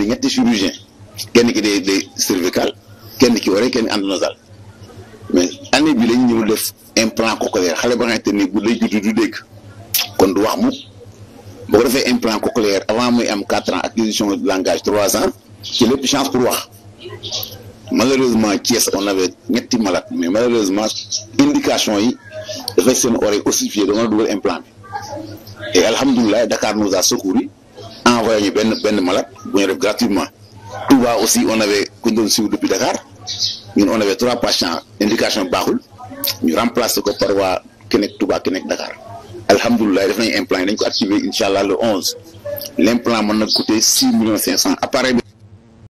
bi ñetti chirurgien kenn ki day day cervical kenn ki waree kenn endonasal mais année bi lañu lañ ñëw def implant cochléaire xale ba nga xamante ni bu lay juddu du dégg kon du wax mu boo ko defee implant cochléaire avant muy am quatre ans acquisition de langage trois ans ci lépp chance pour wax malheureusement Thiès on avait ñetti malade mais malheureusement indication yi dafay seen oreille ossifiée da nga dugal implant bi et alhamdulilah Dakar nous a secouru envoyé ñu benn benn malade bu ñu def gratuitement Touba aussi on avait ku ñu depuis Dakar ñun on avait trois patients indication baaxul ñu remplacé ko par waa ki nekk Touba ki nekk Dakar alhamdulilah def nañu implant yi dañ ko activé incha allah le 11 l' implant na coûter six millions cinq cent appareil